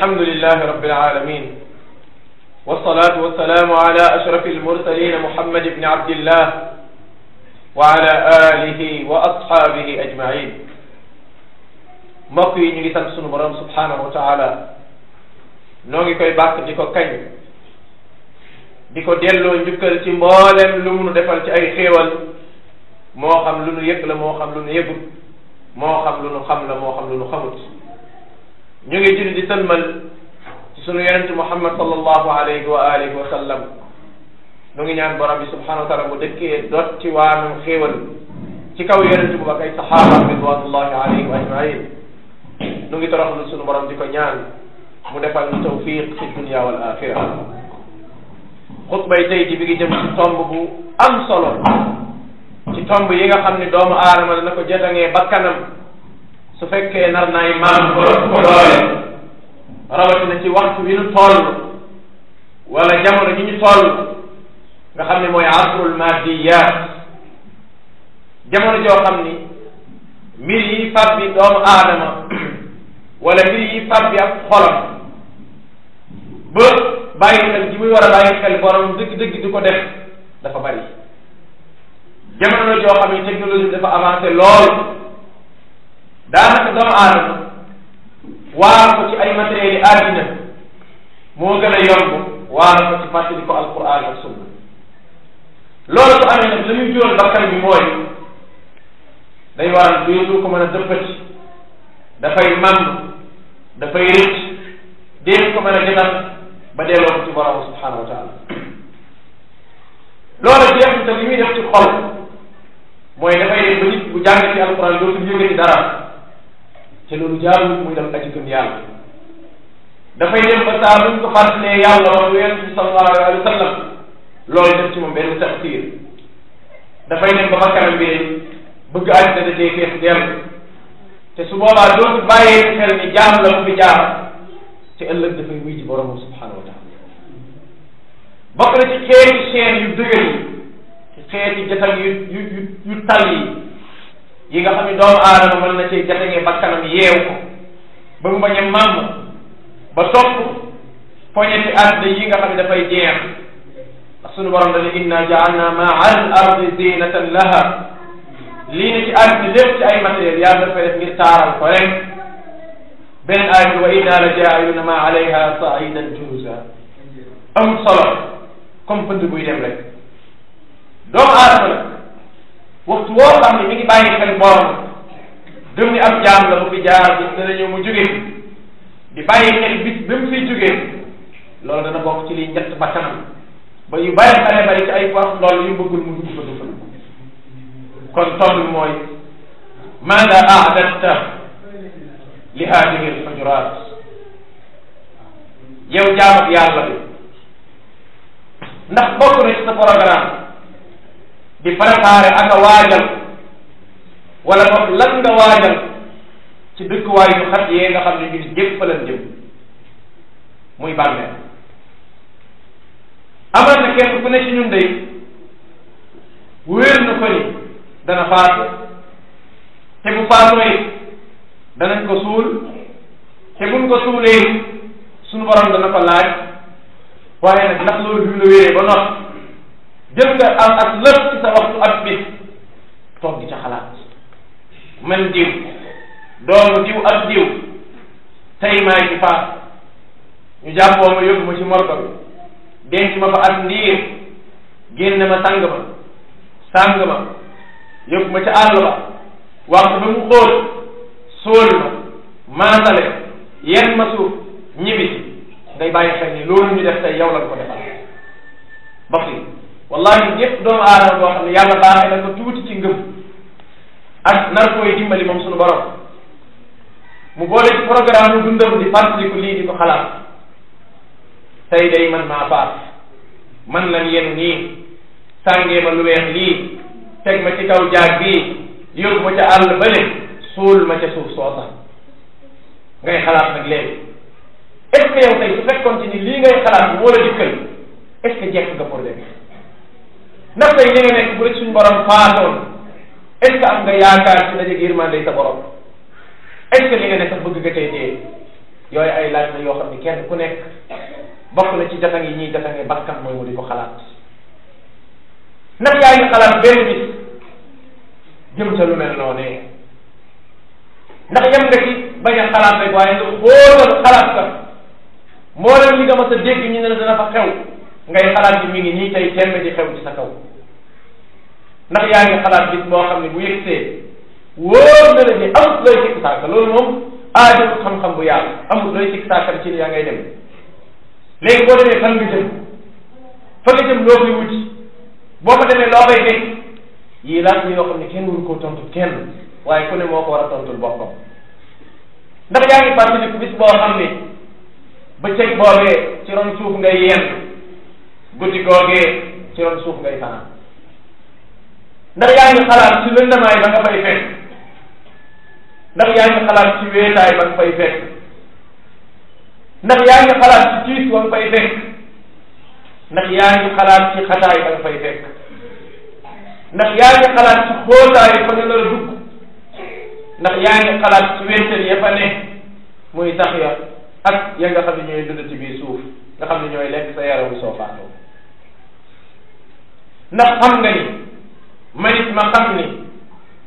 alhamdulillahi rabbil alamin wassalatu wassalamu ala ashrafil mursalin muhammad ibn abdillah wa ala alihi wa ashabihi ajmain mbokk yi ñu ngi sant sunu borom subhanahu wa taala noo ngi koy bàkk di ko kañ di ko delloo njukkal ci mboolem lu mu nu defal ci ay xéewal moo xam lu nu yëg la moo xam lu nu yëgut moo xam lu nu xam la moo xam lu nu xamut ñu ngi julli di sëlmal ci sunu yonente muhammad sallallahu alayhi wa alihi wa ngi ñaan borom bi subhanahu wa taala mu dëkkee dot ci waanum xéewal ci kaw yonente bu ak ay saxaaba ridwanullahi alayhim ajmain nu ngi toroxlu sunu ko ñaan mu defal ñu tawfiq fi dunia wal axira xutbay tey ji bi ngi jëm bu am solo ci tomb yi nga xam ne doomu aadama dana ko jëndangee bakkanam su fekkee nar nay maam borom ko doole rawatina ci waxtu wi nu toll wala jamono ji ñu toll nga xam ne mooy asrul maadiyaat jamono joo xam ni mi yi fab bi doomu aadama wala mbir yi fab bi ak xolam ba bàyyi xel ji muy war a bàyyi xel borom dëgg-dëgg du ko def dafa bari jamono joo xam ne technologie dafa avancé lool daanaka doomu aadama waar ko ci ay matériels yi àddina moo gën a yomb waar ko ci fàttali ko alquran ak sunna loolu su amee nag la ñuy jural bakkar bi mooy day waral dootul ko mën a dëppati dafay mànd dafay rëcc déet ko mën a jëndal ba delloo ko ci borom subhanahu wa taala loolu jeexital li def ci xol mooy dafay def ba nit bu jàng ci alquran dootul yëngati te loolu jaarul muy def aji gëm yàlla dafay dem ba saa buñ ko fàttalee yàlla wala yonent bi sallallahu alayhi wa sallam loolu def ci moom benn taxsiir dafay dem ba bakkanam bi bëgg àddina da cee fees dell te su boobaa dootu bàyyee xel ni jaam la mu fi jaar te ëllëg dafay wuy ji boromam subhanahu wa taala bokk na ci xeeti seen yu dëgër yi xeeti jatam yu yu yu tal yi yi nga xam ne doomu aadama mën na cee jatege bakkanam yeewu ko ba mu bañ a màmm ba topp poñetti àddina yi nga xam ne dafay jeex ndax sunu borom dana inna jaalna ma al ardi laha lii ne ci àddina lépp ci ay matériel yàlla dafay def ngir ko rek beneen aaya wa inna la jaayuna ma alayha saidan juusa am solo comme pënd buy dem rek woo xam ne mi ngi bàyyi xel borom gëm ni am jaam mu fi jaar bis dana ñëw mu jóge di bàyyi bis ba mu fiy jógee loolu dana bokk ci liy ba kanam ba yu bari bari bari ci ay fois loolu yu bëggul mu dugg fa du fa kon tomb mooy maada aadatta li haadihi alxujuraat yow jaamab yàlla bi ndax bokk na ci sa di préparer ak a waajal wala boog lan nga waajal ci dëkkuwaay yu xat yee nga xam ne ñun jëpp fa lan jëm kenn ku ne ci ñun day wéer na ko ni dana faatu ko suul te ko suulee suñu borom dana ko laaj waaye nag ndax loolu bi mu la jël nga am ak lépp ci waxtu ak toog di ca xalaat man diw doomu diw ak diw tey maay ci faat ñu jàppoo ma yóbbu ma ci morgo bi ma fa ak ndiir ma sang ba sang ba yóbbu ma ca àll waxtu ba mu xóot sóoli ma yenn ma suuf ñibbi day bàyyi xel ni loolu ñu def tey la ko defal ba fi wallahi ñëpp doomu aadama boo xam ne yàlla baaxee na ko tuuti ci ngëm ak nar koy dimbali moom suñu borom mu boole ci programme dundam di fàttaliku lii di ko xalaat tey day man maa paas man lan yenu nii sàngee ma lu weex lii teg ma ci kaw jaag bii yóbbu ma ca àll bële suul ma ca suuf soosa ngay xalaat nag léegi est ce que yow tey su fekkoon ci lii ngay xalaat moo la dikkal est ce que jekk nga pour ndax tey ñi nga nekk bu rek suñu borom faatoon est ce que am nga yaakaar ci dajeeg yërmande sa borom est ce que li nga ne sax bëgg nga tey dee yooyu ay laaj la yoo xam ne kenn ku nekk bokk na ci jatang yi ñuy jatange bakkan mooy mu di ko xalaat ndax yaa ngi xalaat benn bis jëm ca lu mel noonee ndax yem nga ci bañ a xalaat rek waaye nga xóotal xalaat sax mboolem li nga mës a dégg ñu ne la dana fa xew ngay xalaat bi mi ngi nii tey temb di xew ci sa kaw ndax yaa ngi xalaat bis boo xam ne bu yëgsee wóor na la ni amut looy sikk saaka loolu moom aajowut xam-xam bu yàlla amut looy sikk saaka ci yaa ngay dem léegi boo demee fan nga jëm fa nga jëm loo koy wuti boo fa demee loo koy fekk yii laaj yi yoo xam ne kenn waru koo tontu kenn waaye ne moo ko war a tontul boppam ndax yaa ngi fàttaliku bis boo xam ne bëccëg boogee ci ron suuf ngay yenn guddi googee ci ron suuf ngay fanaan ndax yaa ngi xalaat ci lëndamaay ba nga fay fekk ndax yaa ngi xalaat ci weetaay ba nga fay fekk ndax yaa ngi xalaat ci tiis ba nga fay fekk ndax yaa ngi xalaat ci xataay ba nga fay fekk ndax yaa ngi xalaat ci xóotaay fa nga nar a dugg ndax yaa ngi xalaat ci wéetal ya fa ne muy tax ya ak ya nga xam ne ñooy dund ci biir suuf nga xam ne ñooy lekk sa yaramu soo faatoo ndax xam nga ni manit ma xam ni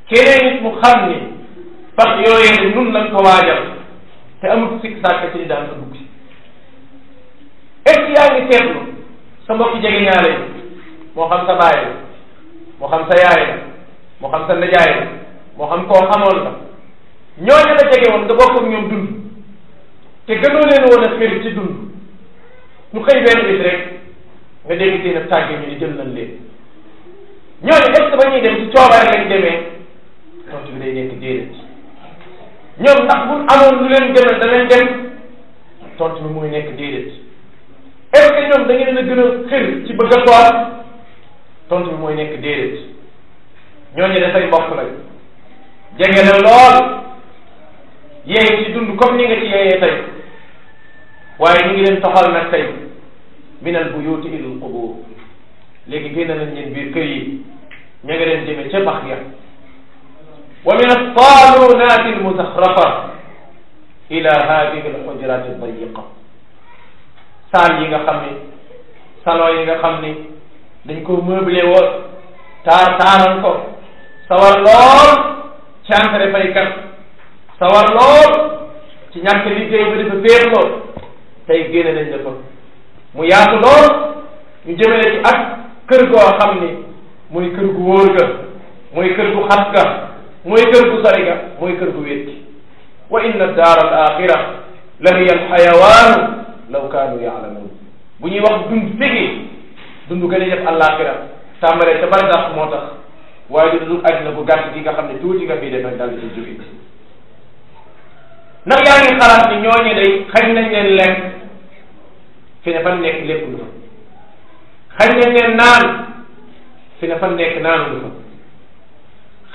keneen it mu xam ni pax yooyee de nun lañ ko waajal te amul sikk sàkk ci ni daan ko dugg si est ce yaa ngi seetlu sa mbokki jege ñaale moo xam sa baay moo xam sa yaay moo xam sa ndajaay moo xam koo xamoon la ñooñu la jege woon nga bokk ak ñoom dund te gënoo leen woon a féri ci dund ñu xëy benn bis rek nga dégg seen ab tàgge ñu di jël nañ leen ñooñu est ce que ba ñuy dem ci coobare leen demee tontu bi day nekk déedéet ñoom sax bu amoon lu leen demal da leen dem tontu bi mooy nekk déedéet est ce que ñoom da ngeen a gën a xër ci bëgg a toog tontu bi mooy nekk déedéet ñooñu dafay bokk lañ jege na lool yeey ci dund comme ni nga ci yeeyee tey waaye ñu ngi leen toxal nag tey minal buyuti ilal qubur léegi génn nañ leen biir kër yi ña nga leen jëme ca bax ya wa min altaalunaati almuzaxrafa ila hadihi alxujrati dayiqa saal yi nga xam ni salon yi nga xam ni dañ ko meublé woon taar taaral ko sawar lool ci entré faykat sawar lool ci ñàkk liggéey ba dafa féer lool tey génne nañ la ko mu yaatu lool ñu jëmale ci ak kër goo xam ni mooy kër gu wóor ga mooy kër gu xat ga mooy kër gu sori ga mooy kër gu wétti wa inna daar al axira la hiya al xayawaanu law kaanu yaalamuun bu ñuy wax dund fegi dund gën a def àllaaxira tàmbalee ca barsax moo tax waaye du dund àddina bu gàtt gi nga xam ne tuuti nga fii def ak dal ci jóge ndax yaa ngi xalaat ni ñooñu day xañ na leen lekk fi ne fan nekk lépp lu fa xañ nañ naan fi nga fa nekk naanu nga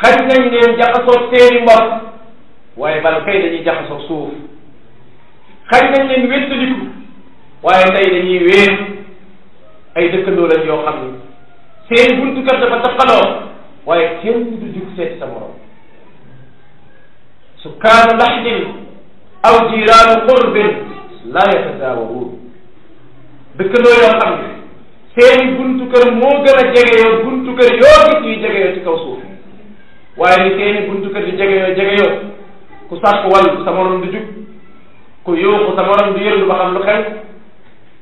fa xañ nañ leen jaxasoog seeni mbor waaye bala kay dañuy jaxasoog suuf xañ nañ leen wéttaliku waaye tey dañuy wéer ay dëkkandoo lañ yoo xam ne seen buntu kër dafa taqaloo waaye kenn du jug seet sa morom su kaanu laxdin aw jiiraanu qurbin laa yatadaawawuun dëkkandoo yoo xam ne seeni buntu kër moo a jege yoo buntu kër yoo gis ñuy jege yoo ci kaw suuf waaye ni jege yoo jege yoo ku sàkk wàll sa morom du jug ku yóoxu sa morom du yërlu ba xam lu xew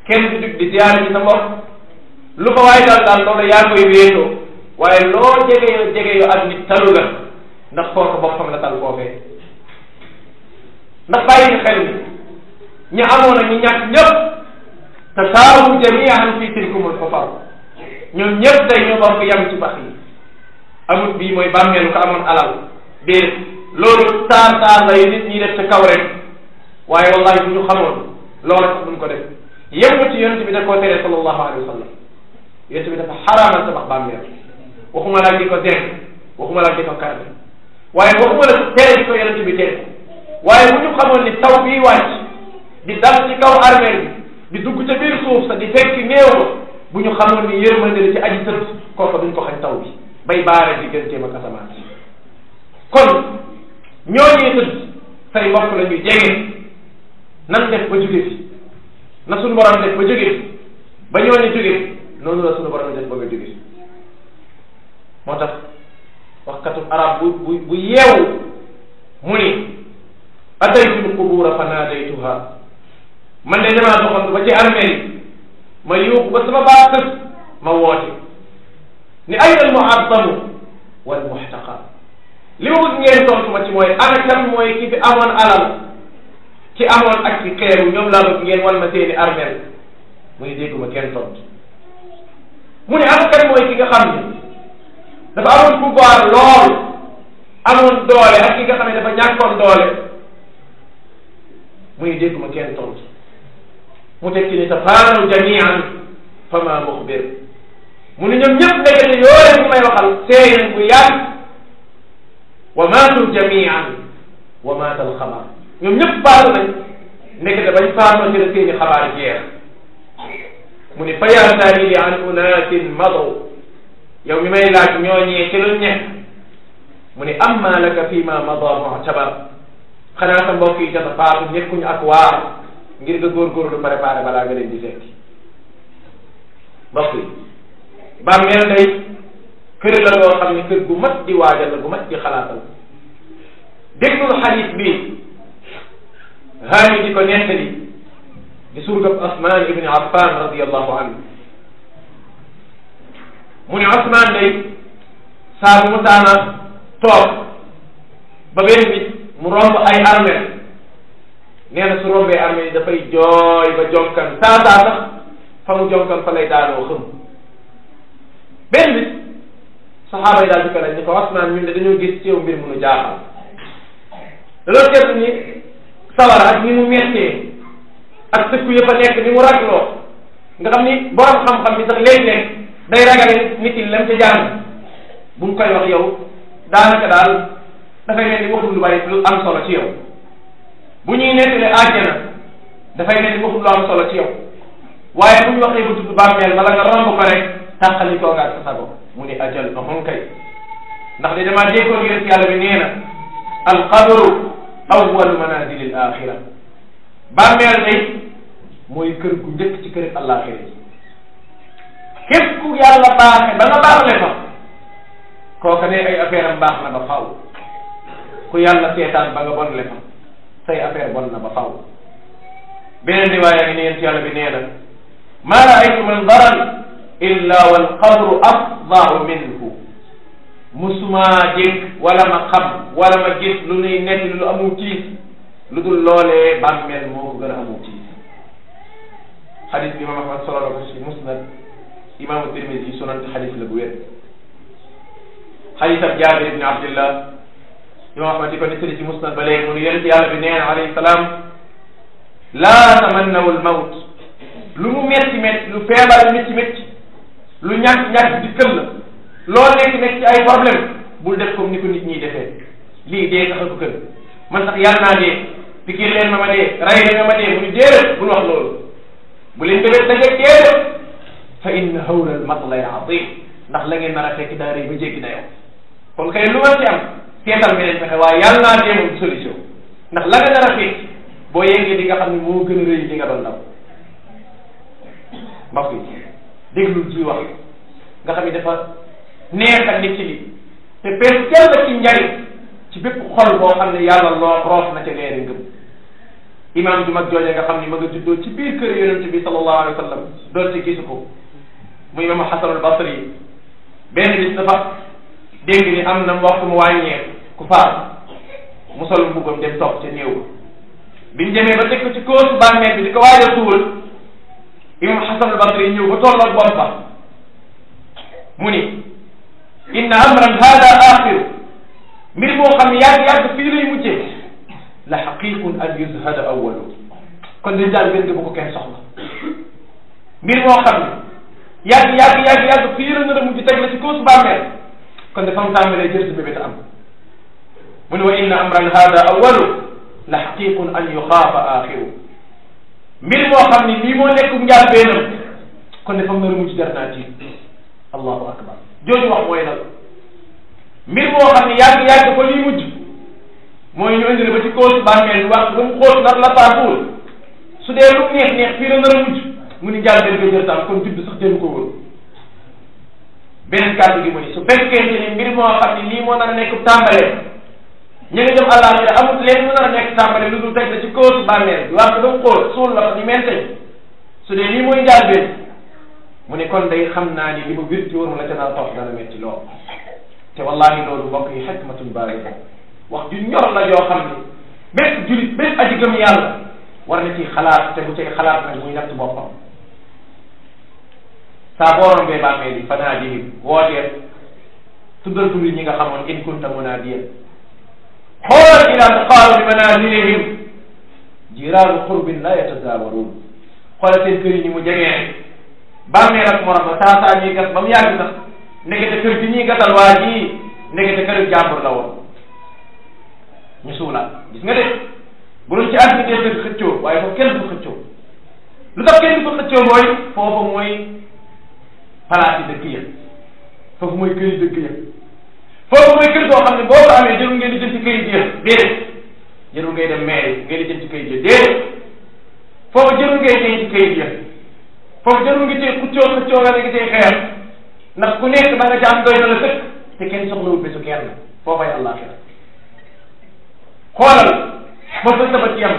kenn du jug di ziyaar ci sa mbokk lu ko waaye daal daal loolu yaa koy wéetoo waaye loo jege yoo jege yoo ak nit talu la ndax kooku boppam la tal foofee ni amoon ak ñi ñàkk tasaabu jamian fi tilkumul xufar ñoom ñëpp tey ñoo bokk yam ci bax yi amut bii mooy bàmmeelu ko amoon alal déet loolu taar taar lay nit ñi def ca kaw rek waaye wallahi bu ñu xamoon loolu sax duñ ko def yëpp ci yonent bi da koo tere sallallahu alayhi wa sallam yonent bi dafa xaraamal tabax bàmmeel waxuma laa di ko denc waxuma laa di ko karbe waaye waxuma la tere ko yonent bi tere waaye bu ñu xamoon ni taw bii wàcc di dal ci kaw armeel bi di dugg ca biir suuf sa di fekki néew ma bu ñu xamoon ni yërmande la ci aji tëdd kooka duñ ko xañ taw bi bay baare digganteem ak asamaan si kon ñooñee tëdd say mbokk la jege nan def ba jóge fi na suñu borom def ba jóge fi ba ñoo ne jóge noonu la suñu borom def ba nga jóge moo tax waxkatu arab bu bu bu yeewu mu ni ataytul qubura fa naadaytuha man de damaa doxantu ba ci armée ma yóbbu ba sama baa tës ma woote ni ayna al muazzamu wal muhtaqar li ma bëgg ngeen tontu ma ci mooy ana kan mooy ki fi amoon alal ci amoon ak ci xeeru ñoom laa bëgg ngeen wan ma seeni armée mu ni dégguma kenn tontu mu ne ana kan mooy ki nga xam ne dafa lool amoon doole ak ki nga xam ne dafa ñàkkoon doole muy dégguma kenn mu teg ci ne tafaanu jamian fama muxbir mu ne ñoom ñëpp dajale yooyu bu may waxal seey nañ bu yàgg wa maatu jamian wa maata al xabar ñoom ñëpp faatu nañ nekk da bañ faatoo ci la seeni xabaar jeex mu ni fa yaa taali li an unaasin madaw yow mi may laaj ñooñee ci lu ñekk mu ni ama laka fi ma mada muctabar xanaa sa mbokk yi dafa faatu nekkuñu ak waar ngir nga góorgóorlu préparé balaa nga leen di seeti mbokk yi bàmmeel day kër la loo xam ne kër gu mat di la gu mat di xalaatal déglul xarit bi haani di ko nettali di surgab Usmaan ibni Affan radiallahu anhu mu ne Usmaan day saa mu taana toog ba benn mu romb ay armeel nee na su rombee armée yi dafay jooy ba jonkan taataa sax fa jonkan fa lay daanoo xëm benn bis saxaaba yi daal di ko laaj ni ko wax naan ñun dañoo gis ci yow mbir mu nu jaaxal loolu kenn ni sawara ak ni mu mettee ak sëkku ya fa nekk ni mu ragloo nga xam ni borom xam-xam bi sax léeg-léeg day ragale nit yi lam ca jàng bu mu koy wax yow daanaka daal dafay mel ni waxul lu bari lu am solo bu ñuy nettali àjjana dafay nekk waxul lu am solo ci waaye bu ñu waxee ba tudd bàmmeel bala nga romb ko rek tàqali koo nga mu ni ajal ahon kay ndax de damaa déggoon yonent yàlla bi na al axira bàmmeel day mooy kër gu njëkk ci kër àllaaxira ji képp ku yàlla baaxe ba nga baaxle fa kooka ne ay affaire am baax na ba faaw ku yàlla seetaan ba nga bonle fa say affaire bon na ba faw beneen riwaaya bi neen ci yàlla bi nee na ma raaytu min daran illa wal qabru afdahu minhu musumaa jég wala ma xam wala ma gis lu nuy nekk lu amul tiis lu dul loolee bàmmeel moo ko gën a amul tiis xadis bi imam ahmad solo la ko si musnad imaamu tirmisi sunan xadis la bu wér xadis ab jaabir ibni abdillah imam ahmad di ko nettali ci musnad ba léegi mu ne yonent yàlla bi nee na alayhi salaam laa tamannaw al mawt lu mu metti metti lu feebar metti metti lu ñàkk ñàkk di kël la loo nekk ay problème bul def comme ni ko nit ñi defee lii dee tax ko kën man sax yàlla naa dee pikir leen ma ma dee rey leen ma ma dee bu ñu bul wax loolu bu fa inna hawla al matlay azim ndax la ngeen nar a fekk daa rëy ba jéggi dayoo kon kay lu ma ci am teetal mi lañ fexe waaye yàlla naa dee moom solution ndax la nga dara xiit boo yeggee di nga xam ne moo gën a rëy li nga doon daw mbokk yi déglul suy wax nga xam ne dafa neex ak nit ci li te pees teel la ci njariñ ci bépp xol boo xam ne yàlla loo roos na ca leeri ngëm imaam ju mag jooje nga xam ne ma nga juddoo ci biir kër yonent bi sallallahu alayhi wa sallam ci gisu ko mu imaam Xasan al Basri benn bis dafa dégg ni am na mbokk mu wàññeeku ku faatu mu sol mbubbam dem toog ca néew biñ demee ba teg ko ci kóosu bàmmeel bi di ko waaj a suul imam Xasan al Basri ñëw ba tolloog boppam ba mu ni inna amran hada axir mbir moo xam ne yàgg yàgg fii lay mujjee la xaqiqun an yuzhada awalu kon dañ daal gën bu ko kenn soxla mbir moo xam ne yàgg yàgg yàgg yàgg fii la nar a mujj teg la ci kóosu bàmmeel kon dafa am tàmbalee jël sa bébé te am mu ne wa inna amran hada awalu la xaqiqun an yuxaafa axiru mbir moo xam ni lii moo nekk njàlbeenam kon dafa mën a mujj jar naa tiit allahu akbar jooju wax mooy lan mbir moo xam ni yàgg yàgg ko lii mujj mooy ñu indi ba ci kóos bàmmeel wax lu mu xóos nar la taakuul su dee lu neex neex fii la nar a mujj mu ni njàlbeen ba jër taam kon judd sax jënd ko woon beneen kàddu gi mu ni su fekkee ni mbir moo xam ni lii moo nar a ñu ngi dem àllaaxira amul leen a nekk tàmbali lu dul teg la ci kóosu bàmmeel wax ko ba mu xóot suul la ko ñu mentañ su dee lii mooy njàlbeen mu ne kon day xam naa ni li mu virtuur la ca naan topp dana metti lool te wallahi loolu mbokk yi xikmatun baarika wax ju la yoo xam ne bépp julit bépp aji gëm yàlla war na ciy xalaat te bu cay xalaat nag muy natt boppam saa booroon bee bàmmeel yi fanaa di wooteel tuddal tur yi ñi nga xamoon in kunta munaadiyan xoolal ila taqaaru bi manazilihim jiraanu qurbin la yatazawaruun xoolal seen kër yi ni mu jegee bàmmeel ak morom la saa saa ñuy gas ba mu yàgg sax nekkete kër gi ñuy waa ji nekkete kër jàmbur la woon ñu suulaat gis nga de bu doon ci activité bi xëccoo waaye foofu kenn du xëccoo lu tax kenn du xëccoo mooy foofu mooy palaas yi dëkk ya foofu mooy kër yi foofu mooy kër goo xam ne boo ko amee jërul ngeen di jël ci kayit ya déedéet jërul ngay dem mairie ngeen di jël ci kayit ya déedéet foofu jërul ngay jël ci kayit ya foofu jërul ngi tey ku coow sa coow wala ngi tey xeer ndax ku nekk da nga ca am doy na la sëkk te kenn soxlawul bésu kenn foofay àllaaxira xoolal ba fa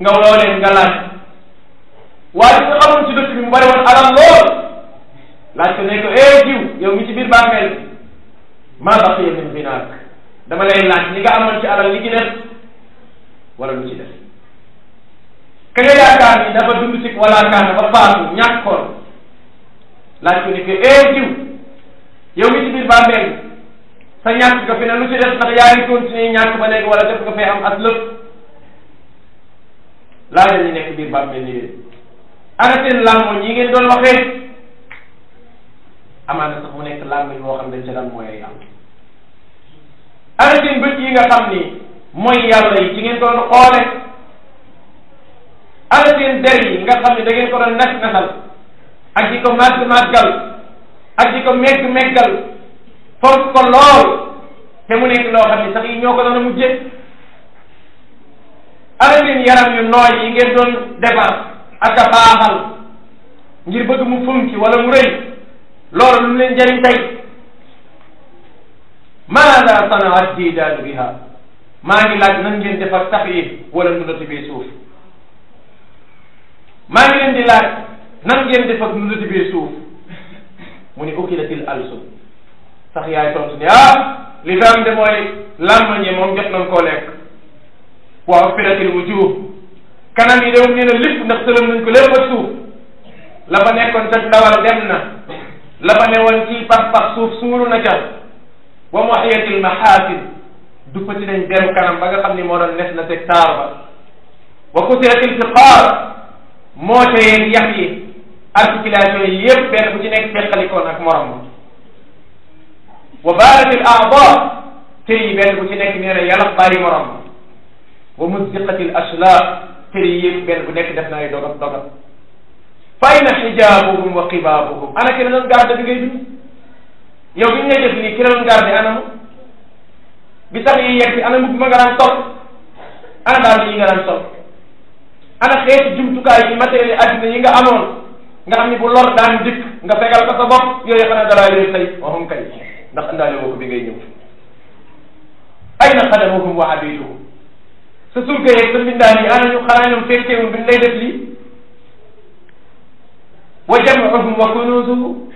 nga woo leen nga laaj waaye su xamoon ci dëkk bi mu bari woon alal lool laaj ko ne ko eh jiw yow mi ci biir bàmmeel maa baqiya min binaak dama lay laaj li amoon ci alal li ci wala lu ci def ka nga yaakaar ni dafa dund wala kaana ba faatu ñàkk koon laaj ko ni eh, yow mi ci biir bàmmeel sa ñàkk nga fi ne lu ci def ndax yaa ngi continuer ñàkk wala def nga fay am at lëpp laajal ñi nekk biir bàmmeel ni leen ana seen làmmoñ yi ngeen doon waxee amaana sax mu nekk làmmiñ moo xam dañ sa daan mooy yàlla ana seen yi nga xam ni mooy yàlla yi ci ngeen ko doon xoole ana seen der yi nga xam ni da ngeen ko doon nas nasal ak ko màgg màggal ak di ko megg meggal fonk ko lool te mu nekk loo xam ni sax yi ñoo ko doon mujje ana seen yaram yu nooy yi ngeen doon defar ak a baaxal ngir bëgg mu funki wala mu rëy loolu lu mu leen jëriñ tey maada sanaat diidaanu biha maa ngi laaj nan ngeen defar tax yi wala nudati bee suuf maa ngi leen di laaj nan ngeen defar nudati bee suuf mu ne ukilatil alsum sax yaay tontu ne ah, li fi am de mooy làmmañe moom jot nañ koo lekk waaw firatil wujuh kanam yi de na lépp ndax sëlam ko lépp a suuf la fa nekkoon sa dawal dem na la ma newoon ci pax pax suuf suulu na ca wa muhiyatil mahasin duppati nañ deru kanam ba nga xam ni moo doon nes na teg taar ba wa kusiratil fiqaar moo ca yeeg yax yi articulation yi yëpp benn bu ci nekk feqalikoon ak morom ma wa baaratil aada cër yi benn bu ci nekk nee na yàlla bàyyi morom ma wa musiqatil aslaa cër yi yëpp benn bu nekk def na ay dogat dogat bayna xijaabuhum wa xibaabuhum ana ki la doon garde bi ngay dund yow bi ñu lay def nii ki la doon garde anamu bi sax yi yegg si anamu bi ma nga daan sol ana daal yi nga daan sol ana xeeti jumtukaay yi matériel addina yi nga amoon nga xam ni bu lor daan dikk nga fegal ko sa bopp yooyu xanaa dalaa réer tey kay ndax andaale woo ko ayna xadamuhum wa abiduhum sa surga yeeg sa mbindaan yi ana ñu xanaa ñoom fekkewul bi ñu lay def li wa jam'uhum wa kunuzuhu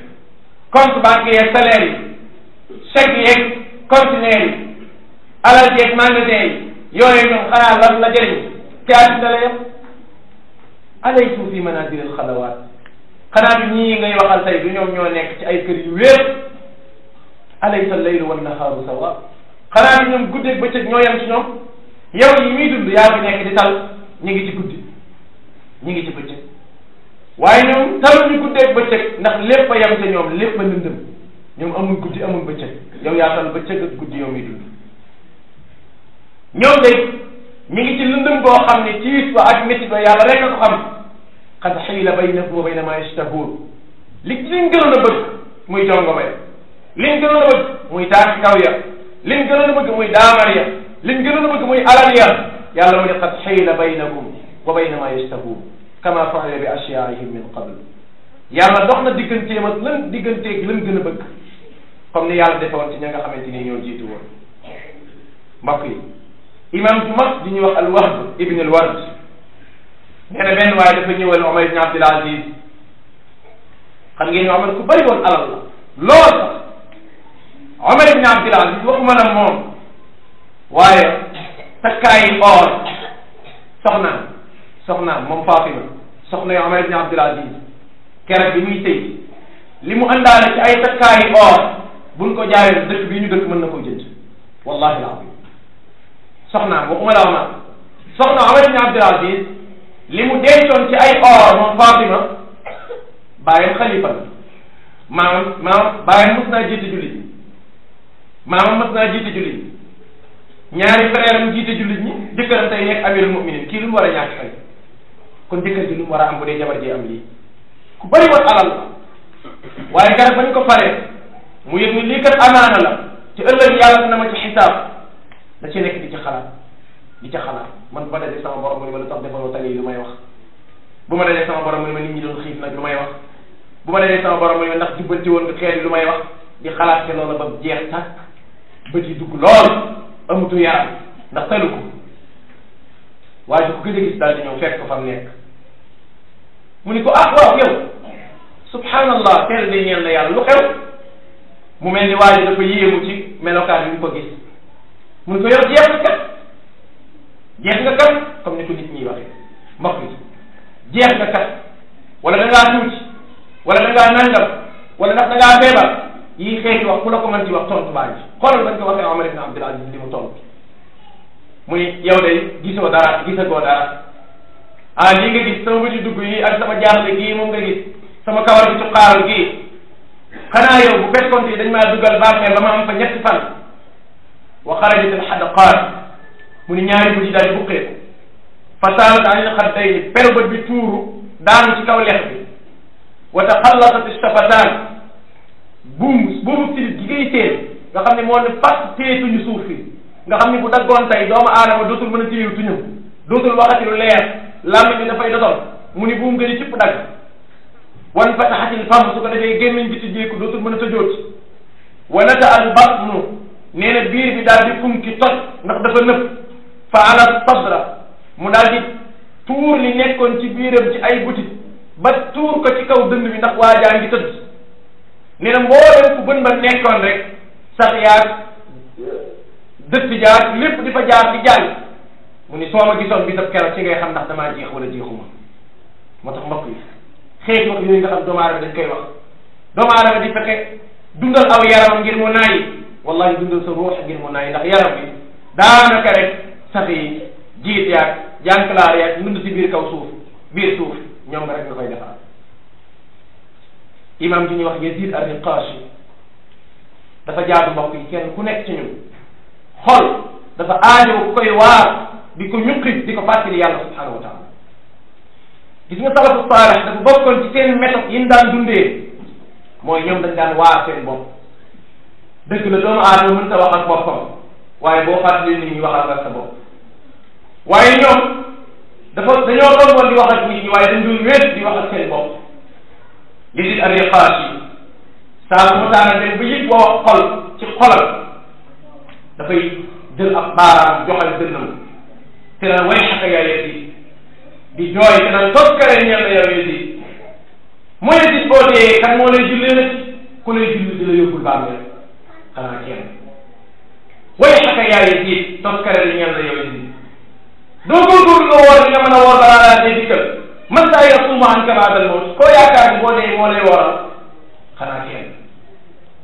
compte banque yeeg salaire yi chèque yeeg conteneur yi alal jeeg magasin yi yooyu ñoom xanaa lan la jëriñ ci àddina la yëpp alaytum fi manazil al xalawaat xanaa du ñii ngay waxal tey du ñoom ñoo nekk ci ay kër yu wéer alaysa al-laylu wan nahaaru sawa xanaa du ñoom guddeeg bëccëg ñoo yem ci ñoom yow yi muy dund yaa ngi nekk di tal ñu ngi ci guddi ñu ngi ci bëccëg waaye ñoom taluñu guddeeg bëccëg ndax lépp a yem te ñoom lépp a lëndëm ñoom amul guddi amul bëccëg yow yaa tal bëccëg ak guddi yow mi dund de ñu ngi ci lëndëm boo xam ne tiis ba ak métti ba yàlla rek a ko xam xad xiila baynahum wa bayna ma yashtahuun li liñ gënoon a bëgg muy jongo bay liñ gënoon a bëgg muy taaki kaw ya liñ gënoon a bëgg muy daamar ya liñ gënoon a bëgg muy alal ya yàlla mu ne xad xiila baynahum wa bayna ma yashtahuun kama faala bi asyaihim min qabl yàlla dox na digganteem ak lan digganteeg lan gën a bëgg comme ni yàlla defoon ci ña nga xamante ni ñoo jiitu woon mbokk yi imam bu mag di ñuy wax alwahb ibn alward nee na benn waaye dafa ñëwal Omar ibn Abdul Aziz xam ngeen ne Omar ku bëri woon alal la lool Omar ibn Abdul Aziz waxuma la moom waaye takkaay or soxna soxnaam moom Fatima soxna yu Omar ibn Abdul Aziz keroog bi muy li mu àndaale ci ay takkaayi or buñ ko jaayee dëkk bi ñu dëkk mën na ko jënd wallahi la soxnaam waxuma la Omar soxna Omar ibn Abdul Aziz li mu dencoon ci ay or moom Fatima bàyyam xalifa la maam maam bàyyam mës naa jiite jullit ñi maamam mës naa jiite jullit ñi ñaari frère am jiite jullit ñi jëkkëram tey nekk amirul muminin kii lu mu war a kon jëkkër ji lu mu war a am bu dee jabar ji ku bari woon alal waaye garab bañ ko paree mu yëg ni lii kat amaana la ci ëllëg yàlla dina ma ci xisaab da ci nekk di ci xalaat di ci xalaat man ba dajee sama borom mu ne ma lu tax defaloo tali lu may wax bu ma dajee sama borom mu ne ma nit ñi doon xiif nag lu may wax bu ma dajee sama borom mu ne ma ndax jubbanti woon nga xeet lu may wax di xalaat te loolu ba jeex tàkk bët yi dugg lool amatu yaram ndax telu ko waaye ku gëj a gis daal mu ni ko ah waaw yow subhanallah teel nañ na yàlla lu xew mu mel ni waaye dafa yéemu ci melokaan bi ñu ko gis mu ni ko yow jeex nga kat jeex nga kat comme ni ko nit ñi waxee mbokk yi jeex nga kat wala da ngaa tuuti wala da ngaa nangam wala ndax da ngaa feebar yi xeeti wax la ko mën ci wax tontu baa ngi xoolal bañ ko waxee Omar ibn Abdul Aziz li mu tontu mu ni yow day gisoo dara gisagoo dara. ah lii nga gis sama bëti dugg yi ak sama jaaxle gii moom nga gis sama kawar gi cuqaaru gii xanaa yow bu fekkoon dañ ma dugal bàmmeel ba ma am fa ñetti fan wa xarajat al mu ni ñaari bëti daal di buqeeku fasaalat anil xaddayni per bët bi tuuru daanu ci kaw lex bi wa taxallatat safataan buum buumu silit gi ngay nga xam ne moo ne fas teetuñu suuf fi nga xam ne bu daggoon tey doomu aadama dootul mën a téyew tuñu dootul waxati lu leer làmmiñ bi dafay dotal mu ni buum gën a cëpp dagg wan fataxatil fam su ko defee gémmiñ bi tijjeeku dootul mën a tëjoot wa nata al batnu nee biir bi daal di kum ki toj ndax dafa nëb fa ala sadra mu daal di tuur li nekkoon ci biiram ci ay butit ba tuur ko ci kaw dënd bi ndax waajaa ngi tëdd nee na mboolem ku bën ba nekkoon rek sax yaag jaar lépp di fa jaar di jàng ne soo ma gisoon bi xam ndax damaa jeex wala jeexuma moo tax mbokk yi xeeti wax yooyu nga xam doomu aadama dañ koy wax doomu aadama di fexe dundal aw yaramam ngir mu wallahi dundal sa ruux ngir mu naayi yaram bi daanaka rek sax yi jiit yaag jànklaar yaag dund si biir kaw biir suuf ñoom nga rek nga imam ji wax Yazid ar-Riqashi dafa jaadu mbokk yi kenn ku nekk dafa aajo koy waar di ko ñuqi di ko fàttali yàlla subhanahu wa taala gis nga salafu saalih dafa bokkoon ci seen méthode yi ñu daan dundee mooy ñoom dañ daan waar seen bopp dëgg la doomu aadama mën ta wax ak boo fàttali nit ñi waxal ak sa bopp waaye ñoom dafa dañoo romboon di wax ak nit ñi waaye dañ doon wéet di wax ak seen dem ba yëg boo xol ci xolal dafay jël ab baaraam joxal dënnam te naan way xaq yaa yëg di jooy te naan toskare ñeel na yow yëg yi mu ne si boo dee kan moo lay jullee nag ku lay julli di la yóbbul bàmmeel xanaa kenn way xaq yaa yëg yi toskare ñeel na yow yëg yi doo góorgóorlu nga woor li nga mën a woor balaa laa dee dikkal man saa yor suuma an kama adal moom koo yaakaar ni boo dee moo lay wooral xanaa kenn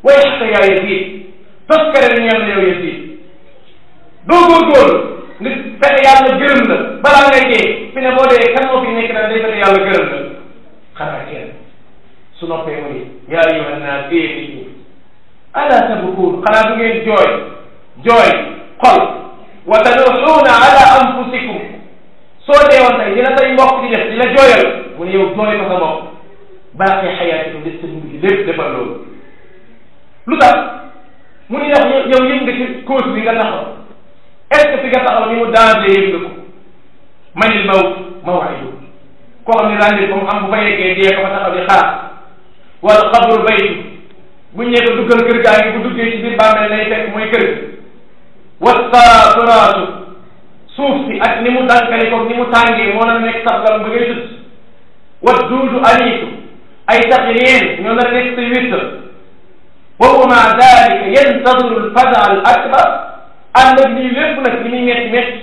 way xaq yaa yëg yi toskare ñeel na yow yëg yi doo góorgóorlu nga fexe yàlla gërëm la balaa ngay dee fi ne boo dee kan moo fi nekk nag day fexe yàlla gërëm la xanaa kenn su noppee mu ne yaa ayyuhan naas yéen ala tabkuun xanaa du ngeen jooy jooy xol wa tadoxuuna ala anfusikum soo deewoon tey dina say mbokk di def di la jooyal mu ne yow jooy ko sa bopp baaqi xayaatikum des sa dund gi lépp defal loolu lu tax mu ne yow yow yëg nga ci cause bi nga taxaw est-ce que fi nga taxaw ni mu danger yëg nga ko manil maw mawaidu koo xam ne rendez ba mu am bu fa yeggee dee ko fa taxaw di xaar wala xabrul baytu bu ñee ko duggal kër gaa ngi bu duggee ci biir bàmmeel lay fekk mooy kër wasa soraasu suuf si ak ni mu dànkale ko ni mu tàngee moo la nekk sax garam ba ngay sut wat duudu aniitu ay tax yeen ñoo la nekk sa witta wa huma dalika yantadiru al fada al akbar ànd ak lii lépp nag li muy metti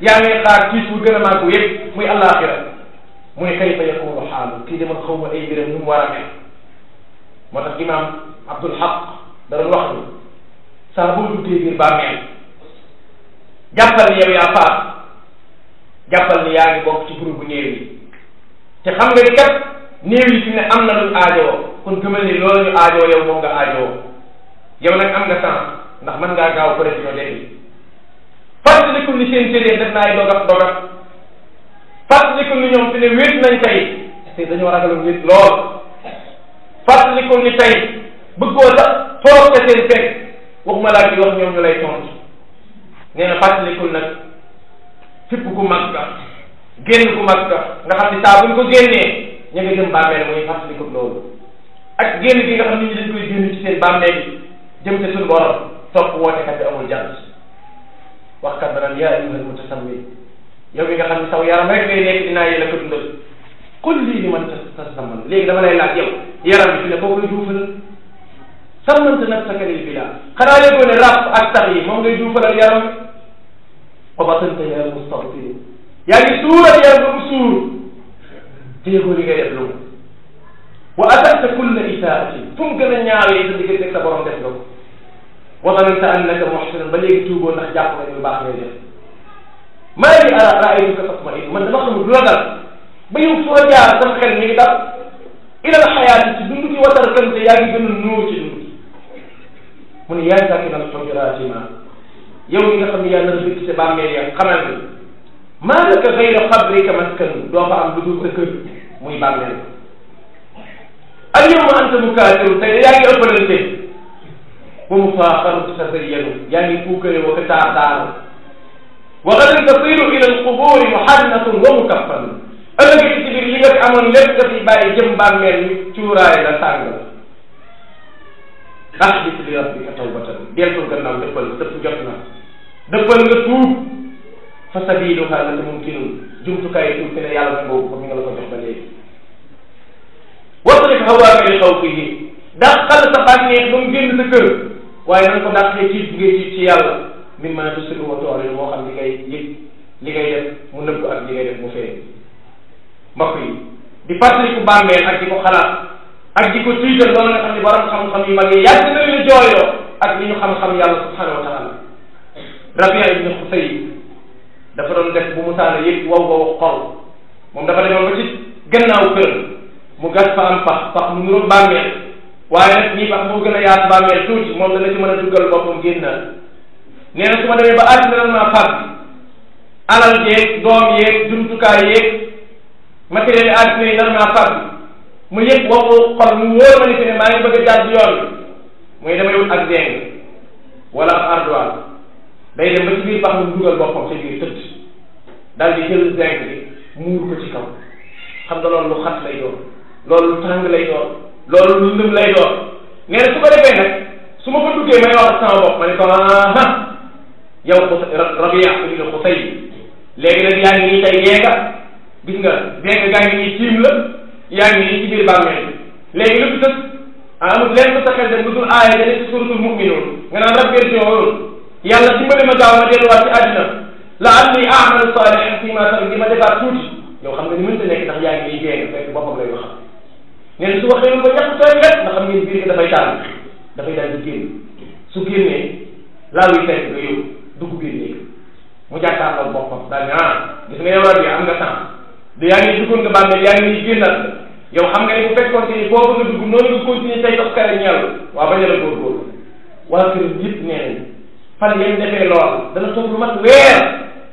yaa ngi xaar tiis bu gën a màgg yëpp muy àllaaxira mu ne kayfa yakunu xaalu kii dama xaw ma ay mbiram mu war a mel moo Abdul Haq da wax ni saa boo duggee biir bàmmeel jàppal ni yow yaa faat yaa ngi bokk ci groupe bu yi te xam nga ni kat néew yi fi ne am na luñ aajoo kon gëmal ni loolu ñu aajoo yow moom nga aajoo nag am nga sens ndax mën ngaa gaaw pression léegi fàttaliku ni seen séeréer def naa ay dogat dogat fàttaliku ni ñoom fi ne wéet nañ tey te dañoo ragaloon nit lool fàttaliku ni tey bëggoo sax toog ca seen fekk waxuma laa ki wax ñoom ñu lay tontu nee na fàttalikul nag fipp ku mag ka génn ku mag ka nga xam ne saa buñ ko génnee ña nga jëm bàmmeel mooy fàttalikul loolu ak génn gi nga xam ne ñu dañ koy génn ci seen bàmmeel jëm te suñu borom topp wootekat bi amul jàll waxkat ba naan yaa ayyuhal mutasammi yow mi nga xam ne saw yaram rek ngay nekk dinaa yéene ko dundal xul lii li man tasamman léegi dama lay laaj yow yaram bi fi ne kooku la juufal sàmmante nag sa kanil bila xanaa yëgoo ne raf ak sax yi moom ngay juufalal yaram xobatante yaa mustaqbil yaa ngi suural yaram ba mu suur te yëgoo li ngay def lu wa atarte kulla isaati fu mu gën a ñaawee sa diggante sa borom def nga ko wa zananta annaka muhsin ba léegi tuuboo ndax jàpp nga lu baax ngay def maa ngi ara raayuka tatma'in man dama xamul lu la dal ba yow foo jaar sama xel mi ngi dal ilal xayaati ci dund gi watar kante yaa ngi gën a nuur ci dund mu ne yaay sàkki nal xujuraatina yow mi nga xam ne yaa nar a dëkk sa bàmmeel ya xamal ni maa laka gayra qabrika maskan doo fa am lu dul sa kër muy bàmmeel ak yow ma anta mukaathir tey yaa ngi ëppalante hum faafaru tazayyanu yaani kuukare wakataataaro wa gadan tasiru ila alquburi muhannatun wa mukaffanun ëllëg ci biir li nga fi amoon lépp nga fi bàyyi jëm bàmmeel ni cuuraay la sàng axbit li rabbika tawbatan deltul gannaaw dëppal dëpp jot na dëppal nga tuub fa sabiluha laka mumkinun jumtukaay tuub fi ne yàlla boobu comme ni nga la ko jox ba léegi wasrif hawaaka li xawfihi dàqal sa bànneex ba mu génn sa kër waaye na nga ko dàqee tiit bu ngay tiit ci yàlla min ma tusiru wa toori moo xam li ngay yëg li ngay def mu nëbbu ak li ngay def mu feeñ mbokk yi di fàttali ku bàmmeel ak di ko xalaat a di ko tiital loolu nga xam ne borom xam-xam yu mag yi yàgg nañu jooyoo ak li ñu xam-xam yàlla subhanahu wa taala Rabia ibn Xusay dafa doon def bu mu saana yëpp wow wow xol moom dafa demoon ba ci gannaaw kër mu gas fa am pax pax mu waaye nag ñi baax moo gën a yaatu bàmmeel tuuti moom dana ci mën a dugal boppam génnaat nee na su ma demee ba àddina naa fàtt alal yeeg doom yeeg jumtukaay yeeg matériel yi àddina yi nar naa fàtt mu yëg boobu xol mu wóor ma ni fi ne maa ngi bëgg a jàdd yoon muy damay wut ak déng wala am ardoise day dem ba ci biir baax mu dugal boppam sa biir tëdd daal di jël déng bi muur ko ci kaw xam nga loolu lu xat lay doon loolu lu tàng lay doon loolu lu lëm lay doon nee na su ko defee nag su ma ko duggee may wax sama bopp ma ne ko ah yow Rabia ibn Xusay léegi nag yaa ngi nii tey yeega gis nga dégg gaa ngi nii tiim la yaa ngi nii ci biir bàmmeel léegi lu fi tës amul lenn sa xel dem lu dul aaya ja ci suratul mu'minuun nga naan rabbi irji'uun yàlla dimbali ma gaaw ma delluwaat ci àddina la am ni amalu saalihan fii ma tamit di ma defaat tuuti yow xam nga ni mënta nekk ndax yaa ngi nii jéeg fekk boppam lay wax ngeen su waxee lu ko ñàkk sooy wet nga xam ngeen biir gi dafay tàng dafay daal di génn su génnee laaw yi fekk nga yóbbu dugg biir néeg mu jàkkaarloo ah, nga yow rajo am nga temps du yaa ngi duggoon nga bàmmeel yaa ngi génnal yow xam nga ne bu fekkoon si foofu nga dugg noonu nga continuer say dox kare ñeel waa bañ a la góorgóorlu waa kër yëpp nee nañ fan yéen defee lool dana toog lu mat weer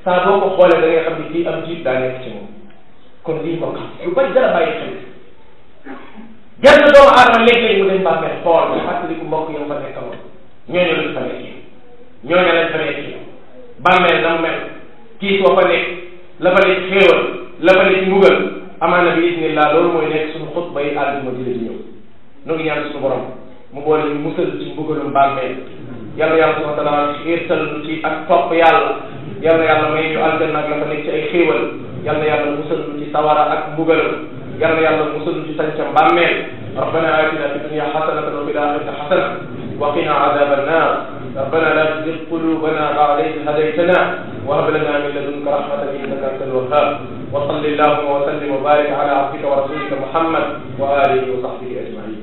saa boo ko xoolee da ngay xam ne kii am jiit daa nekk ci kon lii genn doomu aadama léeg-léeg mu dañ bàmmeel xool nga fàttaliku mbokk yow fa nekkaloon ñooñu lañ fa nekk ñooñu lañ fa nekk bàmmeel na mu mel kii soo fa nekk la fa nekk xéewal la fa nekk mbugal amaana bi isnillah loolu mooy nekk suñu xutba yi àdduma nu ngi ñaan suñu borom mu boole ñu musal ci mbugalum bàmmeel yàlla yàlla subhanahu wa taala xiirtal ñu ci ak topp yàlla yàlla yàlla may ñu aljanna ak la fa nekk ci ay xéewal yàlla yàlla musal ñu ci sawara ak mbugal yal na yàlla musal ci sañ ca mbàmmeel rabbana atina fi dunya hasanatan wa fil akhirati hasanatan wa qina adhaban nar rabbana la tuzigh qulubana ba'da idh hadaytana wa hab lana min ladunka rahmatan innaka antal wahhab wa salli allahumma wa sallim wa barik ala abdika wa rasulika muhammad wa alihi wa sahbihi ajma'in